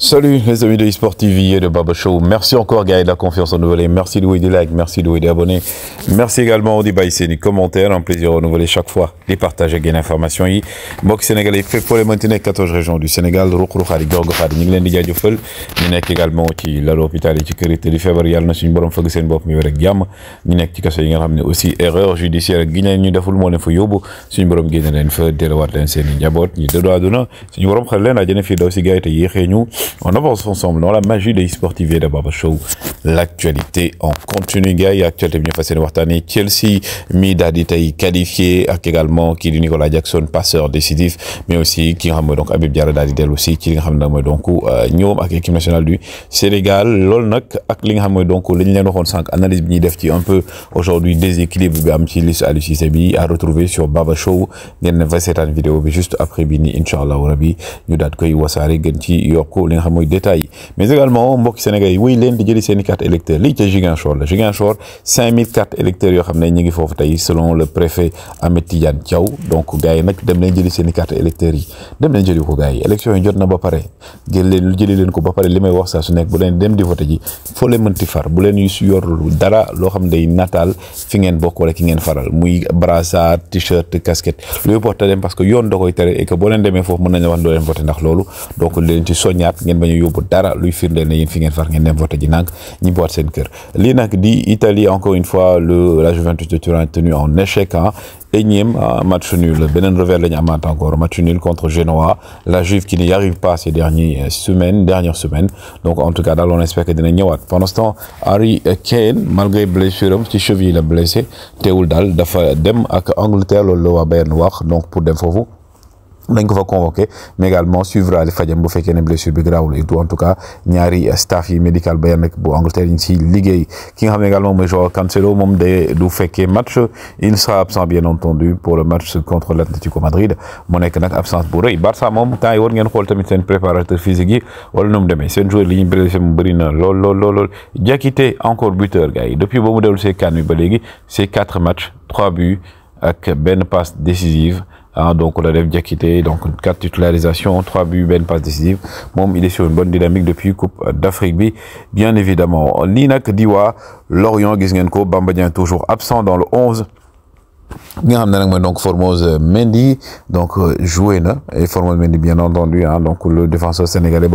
Salut les amis de eSport TV et de Baba Show. Merci encore Gaël de la confiance renouvelée. Merci de louer des likes, merci de louer des abonnés. Merci également aux débat ici des commentaires. Un plaisir renouvelé chaque fois. Les partages et gain d'informations. Bok Sénégalais, fait pour les maintenir 14 régions du Sénégal. Rokrou Khari, Gorgo Khari, Niglen Ninek également qui l'a l'hôpital et qui crée février. Yal Nassin Borom Fagsen Bop Miverek Yam. Ninek qui casse Yingram aussi erreur judiciaire. Guinée Ni Dafoul Molen Foyobo. Sin Borom Guinée Nenfe, Delawar Lensen Yabot. Ni Dodo Aduna. Sin Borom Khalen a Jennifer aussi Gaël et Yéhénou. On avance ensemble dans la magie de e d'abord show. L'actualité en continu, gars. Actualité bien facile tani Chelsea, Mida Detaï qualifié, avec également Kylian Nicolas Jackson, passeur décisif, mais aussi qui ramène donc Abib Diarra Dadidel aussi, qui ramène donc Nyom, euh, avec l'équipe nationale du Sénégal. Lolnak, avec l'ingramé donc, l'ingramé 5, analyse bien def un peu aujourd'hui déséquilibre, bien petit liste à l'UCCB, à retrouver sur Baba Show. Gagné 27 ans vidéo, juste après Bini, Inch'Allah, Rabi, nous date que Genti, Yoko, nga xam mooy détails mais également mbokki Sénégal yi wéy leen di jëli seen i carte électeur lii la Ziguinchor 5000 cartes électeurs yoo xam ne jëli seen i carte yi dem leen jëli ko gars yi yi jot na ba pare jëli leen ko ba pare li may wax saa nekk bu leen dem di voté ji foo leen mënti far bu leen yu dara loo xam day nataal fi ngeen bokk wala ki ngeen faral muy brassard t-shirt casquette lu porté parce que yoon da koy ngeen bañu a dara luy firndeel ne fi ngeen far ngeen dem voté ji nak ñi boot seen kër li nak di Italie encore une fois le la Juventus de Turin tenu en échec hein énième euh, match nul benen revers la amant encore match nul contre Genoa la Juve qui n'y arrive pas ces dernières euh, semaines dernières semaines donc en tout cas daal on espère que dina ñëwaat pendant ce temps Harry Kane malgré blessure ci cheville la blessé teewul Dal dafa dem ak Angleterre loolu wa Bayern wax donc pour dem fofu nañ ko fa convoqué mais également suivre li fajam bu fekkee blessure bi grawul et tout en tout cas ñaari staff yi médical ba yan bu Angleterre yi ci liguey ki nga xam également mooy joueur Cancelo mom de du fekkee match il sera absent bien entendu pour le match contre l'Atlético Madrid mu nekk nak absence bu rëy Barça mom tan yi war ngeen xool tamit sen préparateur physique yi wala nu mu sen joueur li ñu blessé mu bari na lol lol lol lool encore buteur gars depuis bo mu dellu ces cannes bi ba léegi c'est quatre matchs trois buts ak Ben passe décisive Hein, donc on a déjà quitté. donc 4 titularisations, 3 buts, belle passe décisive. Bon, il est sur une bonne dynamique depuis Coupe d'Afrique B, bien évidemment. Ninak Diwa, Lorient Gizgenko, Bambadien toujours absent dans le 11. Nous avons donc Formose Mendy donc euh, joué et Formose Mendy bien entendu hein, donc le défenseur sénégalais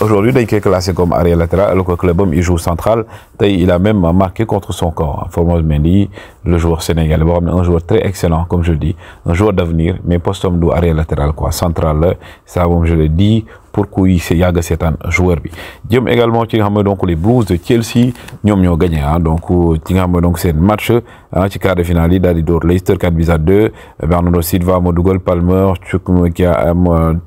aujourd'hui il est classé comme arrière latéral alors que club il joue central il a même marqué contre son camp hein. Formose Mendy le joueur sénégalais bon un joueur très excellent comme je dis un joueur d'avenir mais seulement du arrière latéral quoi central ça comme je le dis pour kuy se yaga a joueur bi jëm également ci nga xam donc les Blues de Chelsea ñom ñoo gagné ah, donc ci nga xam donc seen match ah ci quart de finale dal daal di door Leicester 4 buts à 2 Bernardo Silva moo dugal Palmer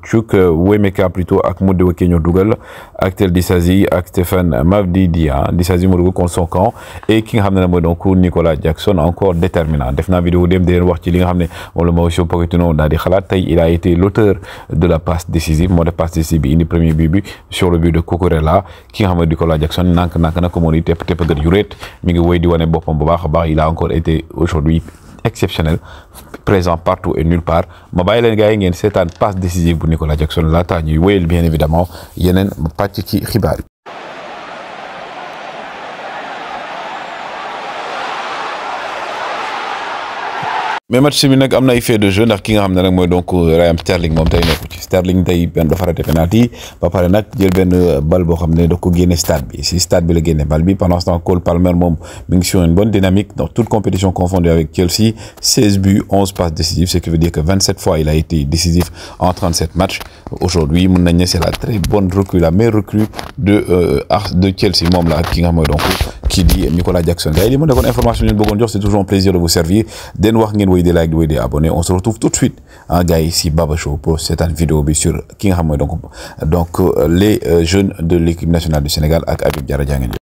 Chukwuemeka plutôt ak Madueke ñoo dugal ak Tel Disasi ak Stéphane dia ah, Disasi moo dugal contre son camp et ki nga xam donc Nicolas Jackson encore déterminant def na vidéo dem di wax ci li nga xam ne moom mo Mauricio Pochettino daal di xalaat tay il a été l'auteur de la passe décisive modé passe décisive Chelsea bi indi premier but bi sur le but de Cucurella ki nga marqué Nicolas Jackson nank nank na ko moo di tepp tepp mi ngi woy di wane boppam bu baax a baax il a encore été aujourd'hui exceptionnel présent partout et nulle part ma baye len gars yi ngeen passe décisive bu Nicolas Jackson laata ñuy wéyal bien évidemment yenen pàcc ci xibaar mais match bi nak amna ay fait de jeu ndax ki nga xam nak moy donc euh, Ryan Sterling mom tey nekku ci Sterling a eu dafa raté penalty ba paré nak jël ben bal bo xam da ko génne stade bi si stade bi la génne bal bi pendant ce temps Cole Palmer mom mi ngi sur une bonne dynamique dans toute compétition confondue avec Chelsea 16 buts 11 passes décisives ce qui veut dire que 27 fois il a été décisif en 37 matchs aujourd'hui c'est la très bonne recrue la meilleure recrue de euh, de Chelsea Mom la ki nga xam qui donc Nicolas Jackson information c'est toujours un plaisir de vous servir den wax ngeen like des on se retrouve tout de suite à hein, gars ici, Baba Show pour cette vidéo bien sur King nga donc euh, les euh, jeunes de l'équipe nationale du Sénégal avec Habib